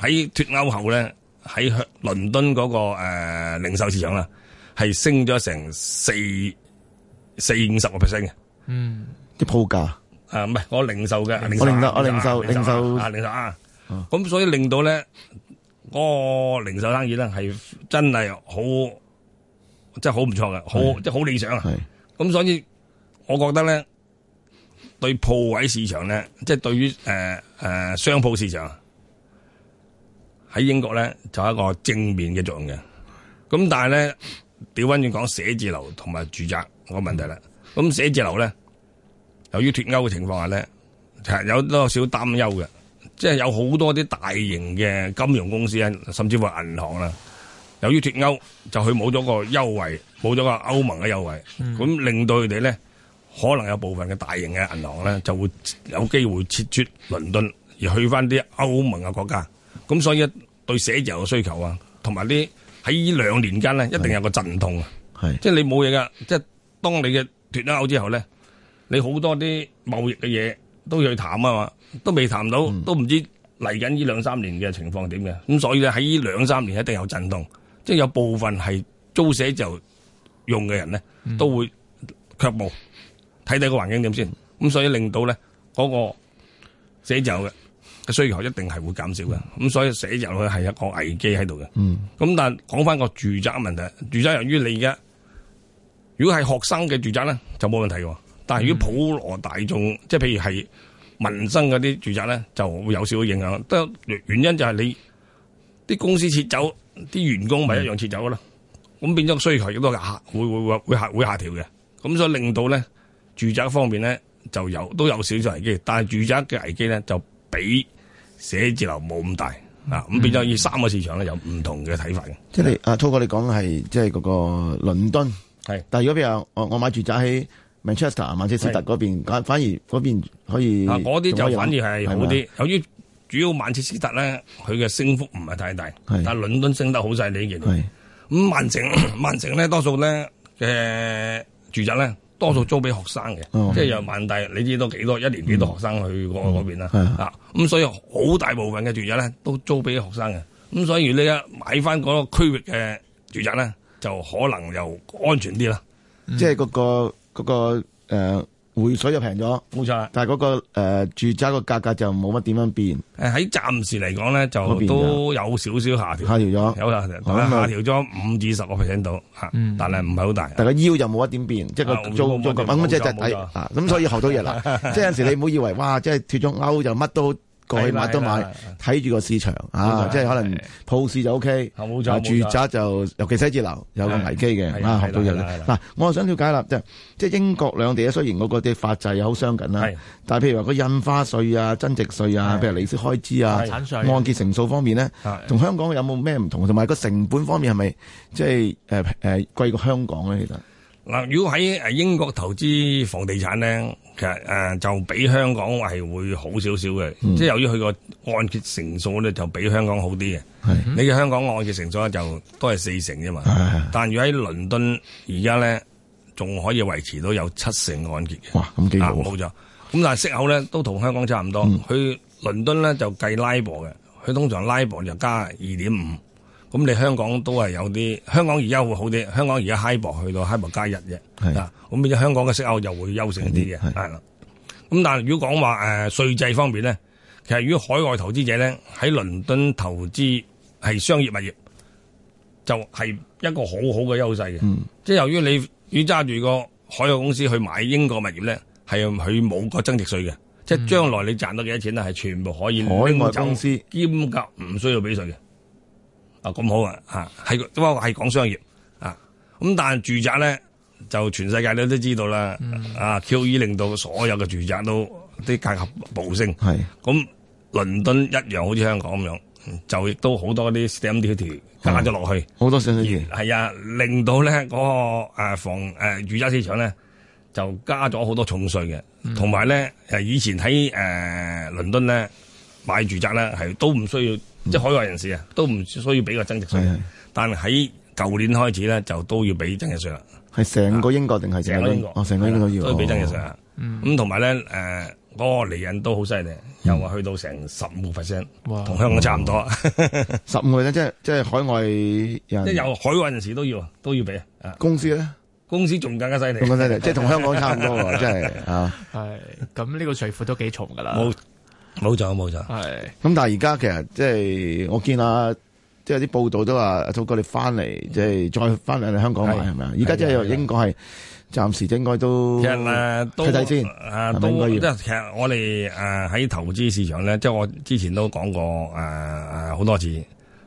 喺脱歐後咧喺倫敦嗰、那個、呃、零售市場啦。係升咗成四四五十個 percent 嘅，嗯，啲鋪價，誒唔係我零售嘅，我零售我零售零售啊，零售啊，咁所以令到咧，我、那個、零售生意咧係真係好，真係是好唔錯嘅，好即係好理想啊，咁是所以我覺得咧，對鋪位市場咧，即、就、係、是、對於誒誒商鋪市場喺英國咧，就係一個正面嘅作用嘅，咁但係咧。表翻轉講寫字樓同埋住宅個問題啦，咁寫字樓咧，由於脫歐嘅情況下咧，其實有多少擔憂嘅，即係有好多啲大型嘅金融公司啊，甚至乎銀行啦，由於脫歐就佢冇咗個優惠，冇咗個歐盟嘅優惠，咁、嗯、令到佢哋咧，可能有部分嘅大型嘅銀行咧，就會有機會撤出倫敦而去翻啲歐盟嘅國家，咁所以咧對寫字樓嘅需求啊，同埋啲。喺呢兩年間咧，一定有一個震動啊的！即係你冇嘢噶，即係當你嘅脱咗口之後咧，你好多啲貿易嘅嘢都要去談啊嘛，都未談到，嗯、都唔知嚟緊呢兩三年嘅情況點嘅。咁所以咧，喺呢兩三年一定有震動，即係有部分係租寫就用嘅人咧，嗯、都會卻步，睇睇個環境點先。咁、嗯嗯、所以令到咧嗰、那個寫就嘅。需求一定係會減少嘅，咁、嗯、所以寫字樓係一個危機喺度嘅。咁、嗯、但係講翻個住宅問題，住宅由於你而家如果係學生嘅住宅咧，就冇問題嘅。但係如果普羅大眾，即係譬如係民生嗰啲住宅咧，就會有少少影響。得原因就係你啲公司撤走，啲員工咪一樣撤走啦。咁、嗯、變咗個需求亦都下會會會會下會，會，會下調嘅。咁所以令到咧住宅方面咧就有都有少少危機，但係住宅嘅危機咧就比。寫字樓冇咁大啊，咁變咗呢三個市場咧，有唔同嘅睇法嘅。嗯嗯、即係阿滔哥你講係即係嗰個倫敦係，但係如果譬如我我買住宅喺 Manchester 曼徹斯特嗰邊，是反而嗰邊可以嗰啲就反而係好啲。吧由於主要曼徹斯特咧，佢嘅升幅唔係太大，是但係倫敦升得好犀利是呢件。係咁曼城曼城咧多數咧嘅住宅咧，多數租俾學生嘅，哦、即係又萬大，你知都幾多，嗯、一年幾多學生去嗰嗰邊啦，嗯、啊，咁、嗯、所以好大部分嘅住宅咧都租俾學生嘅，咁、嗯、所以你一買翻嗰個區域嘅住宅咧，就可能又安全啲啦，嗯、即係嗰、嗰個、嗰個誒。呃會所就平咗，冇錯。但係嗰個誒住宅個價格就冇乜點樣變。誒喺暫時嚟講咧，就都有少少下調，下調咗有下調咗五至十個 percent 度吓，但係唔係好大。但個腰就冇乜點變，即係個租租金咁即係喺吓，咁所以後多嘢啦。即係有時你唔好以為哇，即係脫咗鈎，就乜都。過去買都買，睇住個市場啊，即係可能鋪市就 O K，住宅就尤其寫字樓有個危機嘅啊，嗱，我係想了解啦，即係即係英國兩地咧，雖然嗰個啲法制又好相近啦，但係譬如話個印花稅啊、增值稅啊、譬如利息開支啊、按揭成數方面咧，同香港有冇咩唔同？同埋個成本方面係咪即係誒誒貴過香港咧？其實？嗱，如果喺誒英國投資房地產咧，其實誒、呃、就比香港係會好少少嘅，嗯、即係由於佢個按揭成數咧就比香港好啲嘅。是你嘅香港按揭成數呢就都係四成啫嘛。是是是但係要喺倫敦而家咧，仲可以維持到有七成按揭嘅。哇，咁幾好，冇錯、啊。咁但係息口咧都同香港差唔多。佢、嗯、倫敦咧就計 LIBOR 嘅，佢通常 LIBOR 就加二點五。咁你香港都係有啲，香港而家會好啲。香港而家 HIBOR 去到 HIBOR 加一啫，啊！咁變咗香港嘅息口就會優勝啲嘅，係啦。咁但係如果講話誒稅制方面咧，其實如果海外投資者咧喺倫敦投資係商業物業，就係一個好好嘅優勢嘅。即係、嗯、由於你如果揸住個海外公司去買英國物業咧，係佢冇個增值稅嘅，嗯、即係將來你賺到幾多錢咧，係全部可以海外公司兼夾唔需要俾稅嘅。啊咁好啊，吓係，都話係講商業啊，咁但係住宅咧就全世界你都知道啦，嗯、啊 Q.E. 令到所有嘅住宅都啲價格，格暴升，係咁是、嗯、倫敦一樣好似香港咁樣，就亦都好多啲 Stamp Duty 加咗落去，好、嗯、多新息稅係啊，令到咧、嗰個誒、呃、房誒、呃、住宅市場咧就加咗好多重稅嘅，同埋咧誒以前喺誒、呃、倫敦咧買住宅咧係都唔需要。即係海外人士啊，都唔需要俾個增值稅，但係喺舊年開始咧，就都要俾增值稅啦。係成個英國定係成個英國？哦，成個英國都要。都要俾增值稅啊！咁同埋咧，誒，嗰個離人都好犀利，又話去到成十五個 percent，同香港差唔多。十五個 percent 即係即係海外人。即係由海外人士都要都要俾啊！公司咧，公司仲更加犀利。更加犀利，即係同香港差唔多啊！真係啊，係咁呢個稅負都幾重㗎啦。冇錯，冇錯。係咁，是但係而家其實即係我見啊，即係啲報道都話，阿滔哥你翻嚟，即係再翻嚟香港買係咪是啊？而家即係又應該係暫時應該都，其實誒都睇睇先。誒都即係其實我哋誒喺投資市場咧，即係我之前都講過誒好多次，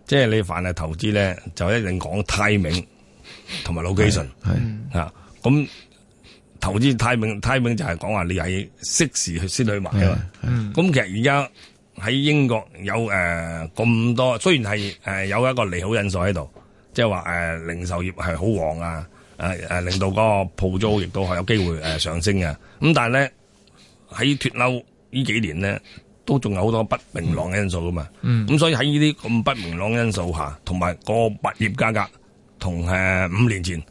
即係你凡係投資咧，就一定講 timing 同埋 location 係啊咁。是是投資 tim timing，timing 就係講話你喺適時去先去買。咁、嗯嗯、其實而家喺英國有誒咁、呃、多，雖然係誒、呃、有一個利好因素喺度，即係話誒零售業係好旺啊，誒、呃、誒令到個鋪租亦都係有機會誒、呃、上升嘅，啊。咁但係咧喺脫歐呢幾年咧，都仲有好多不明朗嘅因素噶嘛。咁、嗯嗯、所以喺呢啲咁不明朗因素下，同埋個物業價格同誒、呃、五年前。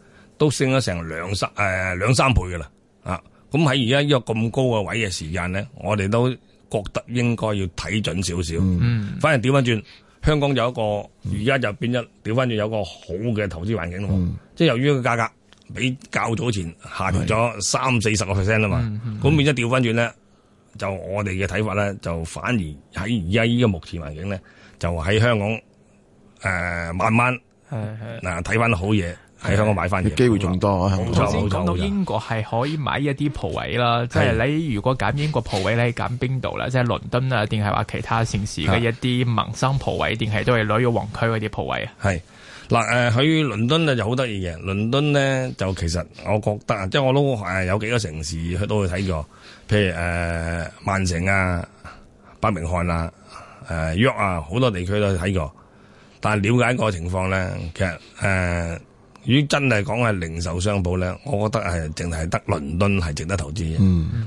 都升咗成兩十誒兩三倍噶啦啊！咁喺而家呢個咁高嘅位嘅時間咧，我哋都覺得應該要睇準少少。嗯，反而調翻轉，香港有一個而家就變咗調翻轉有一個好嘅投資環境。嗯，即係由於個價格比較早前下跌咗三四十個 percent 啊嘛，咁變咗調翻轉咧，就我哋嘅睇法咧，就反而喺而家依個目前環境咧，就喺香港誒、呃、慢慢嗱睇翻好嘢。喺香港買翻嘢機會仲多啊！我先講到英國係可以買一啲鋪位啦，即係是你如果揀英國鋪位，你揀邊度啦？即係倫敦啊，定係話其他城市嘅一啲民生鋪位，定係都係紐約皇區嗰啲鋪位啊？係、呃、嗱，誒，喺倫敦啊就好得意嘅，倫敦呢，就其實我覺得，即係我都有，、呃、有幾個城市去都去睇過，譬如誒、呃、曼城啊、伯明翰啦、啊、誒、呃、約啊，好多地區都去睇過，但係了解個情況咧，其實誒。呃呃如果真係講係零售商鋪咧，我覺得係淨係得倫敦係值得投資嘅。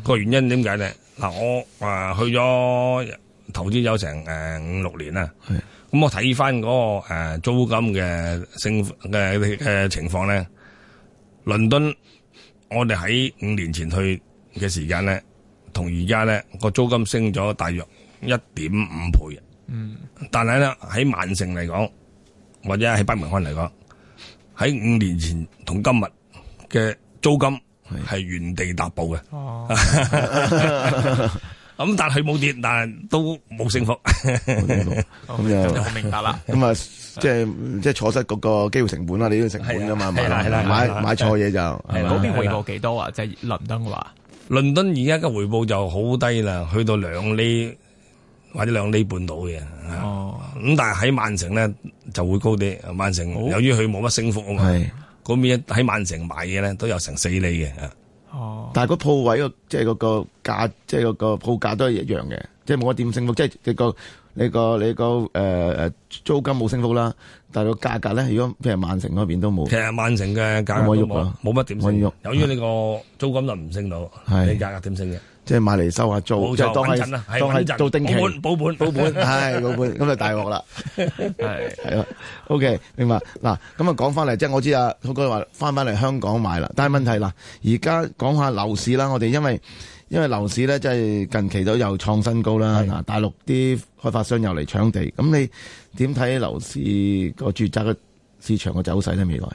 個、嗯、原因點解咧？嗱，我啊去咗投資咗成誒五六年啦。咁的我睇翻嗰個誒租金嘅升嘅嘅情況咧，倫敦我哋喺五年前去嘅時間咧，同而家咧個租金升咗大約一點五倍。嗯。但係咧喺曼城嚟講，或者喺伯明翰嚟講。喺五年前同今日嘅租金係原地踏步嘅，咁但係佢冇跌，但係都冇升幅。咁就我明白啦。咁啊，即係即係錯失嗰個機會成本啦，你啲成本噶嘛，買買錯嘢就。係嗰邊回報幾多啊？即係倫敦話，倫敦而家嘅回報就好低啦，去到兩厘。或者兩厘半到嘅，啊、哦，咁但係喺曼城咧就會高啲。曼城、哦、由於佢冇乜升幅啊嘛，嗰是邊喺曼城買嘢咧都有成四厘嘅，啊、哦，但係個鋪位即係個個價，即係個個鋪價都係一樣嘅，即係冇乜點升幅，即、就、係、係你個、你、你個你、你個你個誒誒租金冇升幅啦，但係個價格咧，如果譬如曼城嗰邊都冇，其實曼城嘅價冇乜點升，由於你個租金就唔升到，你、嗯、是價格點升嘅。即係買嚟收下租，就當係當做定期保本保本保本，咁就大鑊啦。係係啦，OK，明白，嗱，啊，咁啊講翻嚟，即係我知啊，嗰哥話翻翻嚟香港買啦。但係問題，嗱，而家講下樓市啦，我哋因為因為樓市咧，即係近期都又創新高啦。嗱，大陸啲開發商又嚟搶地，咁你點睇樓市個住宅嘅市場嘅走勢咧？未來？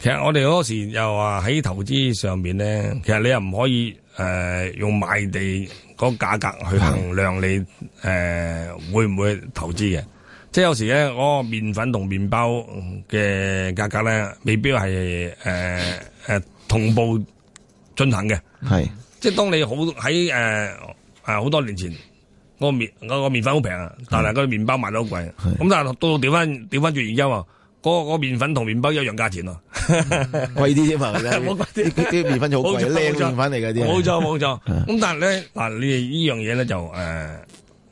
其實我哋嗰時又話喺投資上面咧，其實你又唔可以誒、呃、用買地嗰價格去衡量你誒、呃、會唔會投資嘅？即係有時咧，我、那、麵、個、粉同麵包嘅價格咧，未必係誒誒同步進行嘅。係是，即係當你好喺誒誒好多年前，那個麵、那個麵粉好平啊，但係個麵包賣得好貴。咁是、嗯、但係到調翻調翻轉而家喎。嗰個嗰麵粉同麵包一樣價錢啊，貴啲啫。添啊！啲啲麵粉好貴，粉翻嚟嘅啲。冇錯冇錯。咁但係咧嗱，你哋呢樣嘢咧就誒，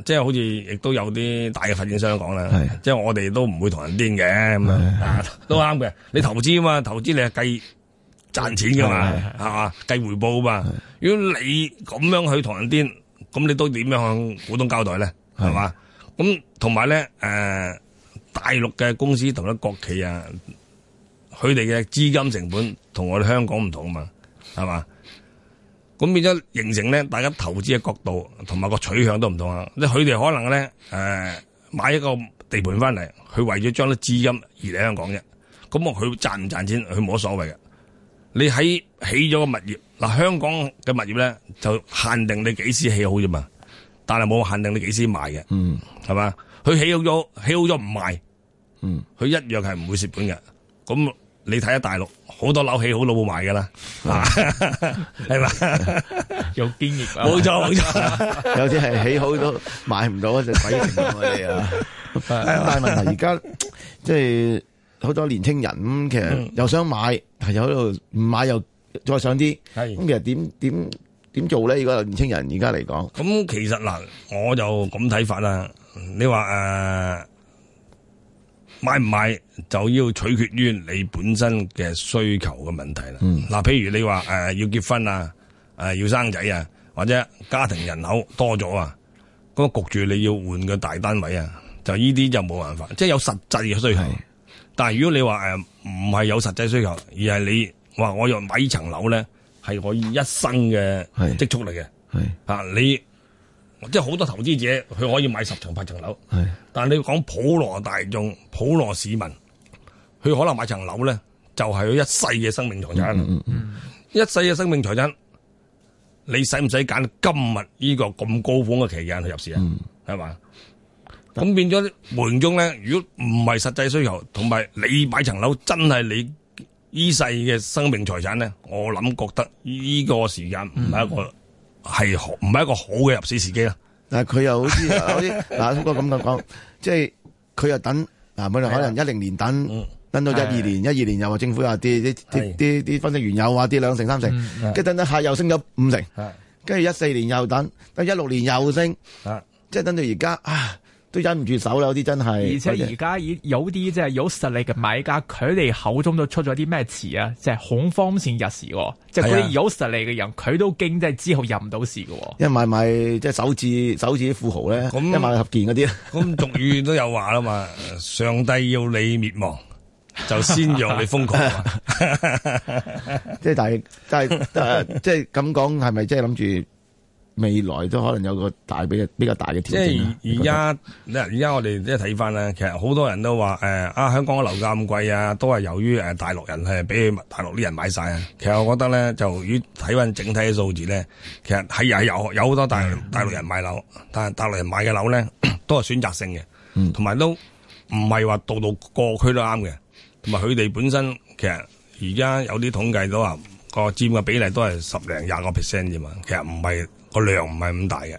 即係好似亦都有啲大嘅發展商講啦，即係我哋都唔會同人癲嘅咁啊，都啱嘅。你投資啊嘛，投資你係計賺錢㗎嘛，係嘛計回報嘛。如果你咁樣去同人癲，咁你都點樣向股東交代咧？係嘛？咁同埋咧誒。大陸嘅公司同一國企啊，佢哋嘅資金成本同我哋香港唔同嘛，係嘛？咁變咗形成咧，大家投資嘅角度同埋個取向都唔同啊！即佢哋可能咧，誒、呃，買一個地盤翻嚟，佢為咗將啲資金移嚟香港啫。咁我佢賺唔賺錢，佢冇乜所謂嘅。你喺起咗個物業，嗱香港嘅物業咧就限定你幾時起好啫嘛，但係冇限定你幾時賣嘅，嗯，係嘛？佢起好咗，起好咗唔賣，嗯，佢一樣係唔會蝕本嘅。咁你睇下大陸好多樓起好都冇賣噶啦，係嘛，有堅毅，冇錯冇錯，有啲係起好都買唔到啊！只鬼嚟嘅我哋啊，但係問題而家即係好多年青人咁，其實又想買，係又喺度唔買又再上啲，係咁 的其實點點點做咧？如果年青人而家嚟講，咁其實嗱，我就咁睇法啦。你話誒買唔買就要取決於你本身嘅需求嘅問題啦。嗱、嗯啊，譬如你話誒、呃、要結婚啊，誒、呃、要生仔啊，或者家庭人口多咗啊，嗰個焗住你要換個大單位啊，就呢啲就冇辦法。即係有實際嘅需求，是但係如果你話誒唔係有實際需求，而係你話我要買層樓咧，係我一生嘅積蓄嚟嘅，吓、啊、你。即係好多投資者，佢可以買十層、八層樓，但係你要講普羅大眾、普羅市民，佢可能買層樓咧，就係、是、佢一世嘅生命財產，嗯嗯、一世嘅生命財產，你使唔使揀今日呢個咁高峰嘅期間去入市啊？係嘛？咁變咗無形中咧，如果唔係實際需求，同埋你買層樓真係你呢世嘅生命財產咧，我諗覺得呢個時間唔係一個、嗯。係唔係一個好嘅入市時機啦？但係佢又好似嗱，通過咁樣講，即係佢又等，嗱，本來可能一零年等，等到一二年，一二年又話政府又啲啲啲啲分析員又話啲兩成三成，跟住等等下又升咗五成，跟住一四年又等，等一六年又升，即係等到而家啊！都忍唔住手啦，有啲真係。而且而家以有啲即係有實力嘅買家，佢哋口中都出咗啲咩詞啊？即係恐慌性入市，即係嗰啲有實力嘅人，佢都驚，即係之後入唔到事，因為一買買即係手指手指啲富豪咧，咁一買合建嗰啲。咁俗語都有話啦嘛，上帝要你滅亡，就先讓你瘋狂。即係但係即係即係咁講，係咪即係諗住？未來都可能有個大比比較大嘅挑戰。即係而家，咧而家我哋即係睇翻咧，其實好多人都話誒、呃、啊，香港嘅樓價咁貴啊，都係由於誒大陸人係俾大陸啲人買晒啊。其實我覺得咧，就以睇翻整體嘅數字咧，其實係係有有好多大大陸人買樓，但係大陸人買嘅樓咧都係選擇性嘅，同埋、嗯、都唔係話到到個區都啱嘅，同埋佢哋本身其實而家有啲統計都話，個佔嘅比例都係十零廿個 percent 啫嘛，其實唔係。個量唔係咁大嘅，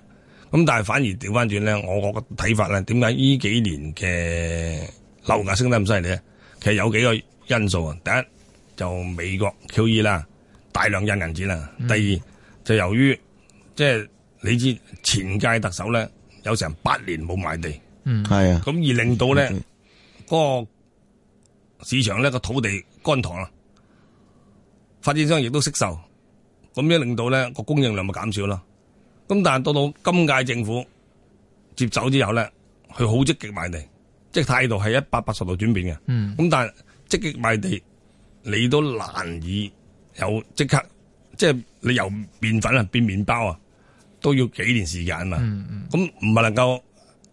咁但係反而調翻轉咧，我我個睇法咧，點解呢幾年嘅樓價升得咁犀利咧？其實有幾個因素啊。第一就美國 QE 啦，大量印銀紙啦。第二就由於即係你知前屆特首咧有成八年冇賣地，嗯，係啊，咁而令到咧嗰個市場咧個土地乾塘啦，發展商亦都惜售，咁樣令到咧個供應量咪減少咯。咁但係到到今屆政府接走之後咧，佢好積極賣地，即係態度係一百八十度轉變嘅。咁、嗯、但係積極賣地，你都難以有即刻，即係你由麵粉啊變麵包啊，都要幾年時間啊。咁唔係能夠，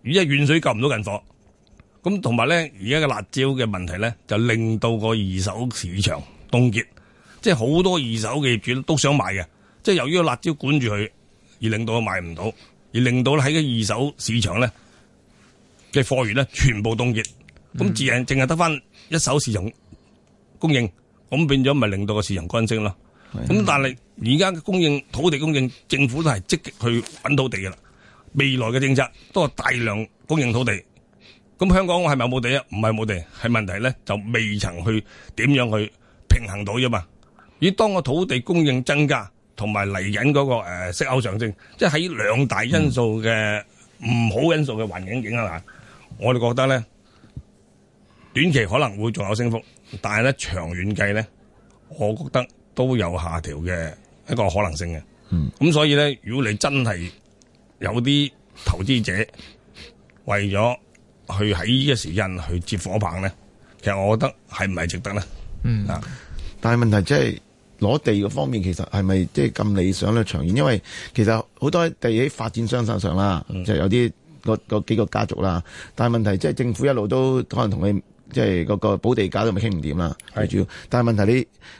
而家遠水救唔到近火。咁同埋咧，而家嘅辣招嘅問題咧，就令到個二手市場凍結，即係好多二手嘅業主都想買嘅，即係由於個辣招管住佢。而令到買唔到，而令到喺嘅二手市場咧嘅貨源咧全部凍結，咁自然淨係得翻一手市場供應，咁變咗咪令到個市場乾升咯？咁但係而家嘅供應土地供應，政府都係積極去搵土地噶啦。未來嘅政策都係大量供應土地。咁香港係咪冇地啊？唔係冇地，係問題咧就未曾去點樣去平衡到啫嘛。而當個土地供應增加。同埋嚟緊嗰個息口上升，即係喺兩大因素嘅唔、嗯、好因素嘅環境影響下，我哋覺得咧短期可能會仲有升幅，但係咧長遠計咧，我覺得都有下調嘅一個可能性嘅。嗯，咁所以咧，如果你真係有啲投資者為咗去喺呢個時間去接火棒咧，其實我覺得係唔係值得咧？嗯，嗱、啊，但係問題即、就、係、是。攞地嗰方面其實係咪即係咁理想咧長遠？因為其實好多地喺發展商身上啦，嗯、就有啲個個幾個家族啦。但係問題即係政府一路都可能同你即係嗰、嗰個補地搞到咪傾唔掂啦。係主要，但係問題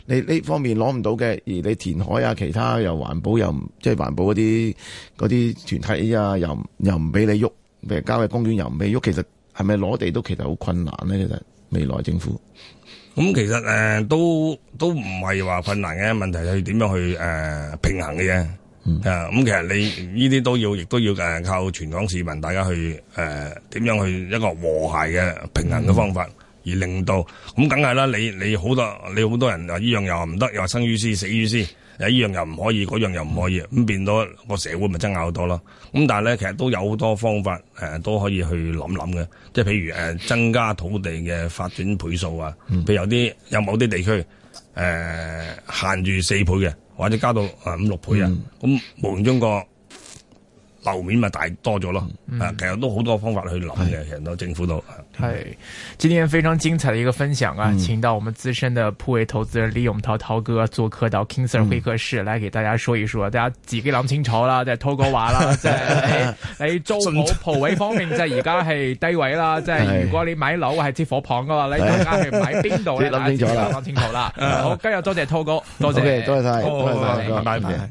你你呢方面攞唔到嘅，而你填海啊其他又環保又唔，即係環保嗰啲嗰啲團體啊又又唔俾你喐，譬如郊野公園又唔俾喐，其實係咪攞地都其實好困難咧？其實未來政府。咁其實誒、呃、都都唔係話困難嘅問題，係點樣去誒、呃、平衡嘅啫？啊、嗯！咁其實你呢啲都要，亦都要誒靠全港市民大家去誒點、呃、樣去一個和諧嘅平衡嘅方法，而令到咁梗係啦！你你好多你好多人啊，呢樣又唔得，又生於斯，死於斯。有依樣又唔可以，嗰樣又唔可以，咁變到個社會咪爭拗好多咯。咁但係咧，其實都有好多方法，誒、呃、都可以去諗諗嘅。即係譬如誒、呃、增加土地嘅發展倍數啊，嗯、譬如有啲有某啲地區誒、呃、限住四倍嘅，或者加到誒五六倍啊。咁、嗯、無形中個。後面咪大多咗咯，其實都好多方法去諗嘅，其實都政府度。係，今天非常精彩的一個分享啊，請到我們資深的鋪位投資人黎永滔滔哥做客到 King Sir 會客室，來給大家說一說，大家自己諗清楚啦，即係滔哥話啦，即係，你租好鋪位方面，即係而家係低位啦，即係如果你買樓係接火棒嘅話咧，大家係買邊度咧？諗清楚啦，諗清楚啦。好，今日多謝滔哥，多謝，多謝多謝晒，拜拜。